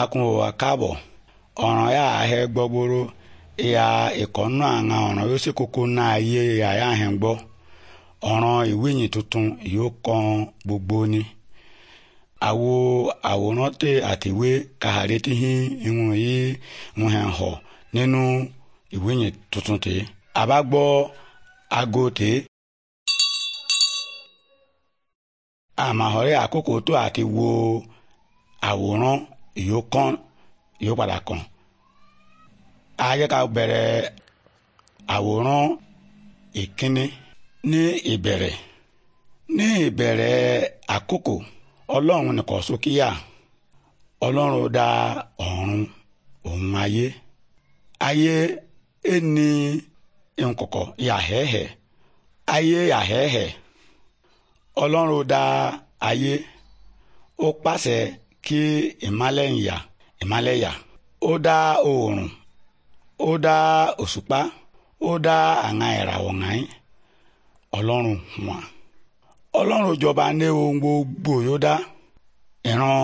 akun wa káàbọ̀ ọ̀ràn yà ahẹ́ gbọ́ gbòòrò ìyá ìkọ́nú àwọn ọ̀ràn yóò sì kókó náà ayé àyà ahẹ́ gbọ́ ọ̀ràn ìwéyìn tuntun yóò kan gbogbo ni àwo àwòrán tẹ àtìwé kàhàrẹ́ tí hín ìwọ̀n yìí ń hàn họ̀ nínú ìwéyìn tuntun tẹ àbá gbọ́ tẹ àmàhọ́rẹ́ àkókò tó àti wo àwòrán yóò kán yóò padà kàn á yẹ ká bẹ̀rẹ̀ àwòrán ìkíní ní ìbẹ̀rẹ̀ ní ìbẹ̀rẹ̀ àkókò ọlọ́run nìkan sókíyà ọlọ́run dá ọ̀run òun ayé ayé ẹni nkọkọ yàhẹ́hẹ́ ayé yàhẹ́hẹ́ ọlọ́run dá ayé ó pàṣẹ kí ìmálẹ̀ ń yà ìmálẹ̀ yà ó dá oòrùn ó dá òṣùpá ó dá àwọn ìràwọ̀ ńáyé ọlọ́run wọn ọlọ́run jọba ní ohun gbogbo yóò dá ìran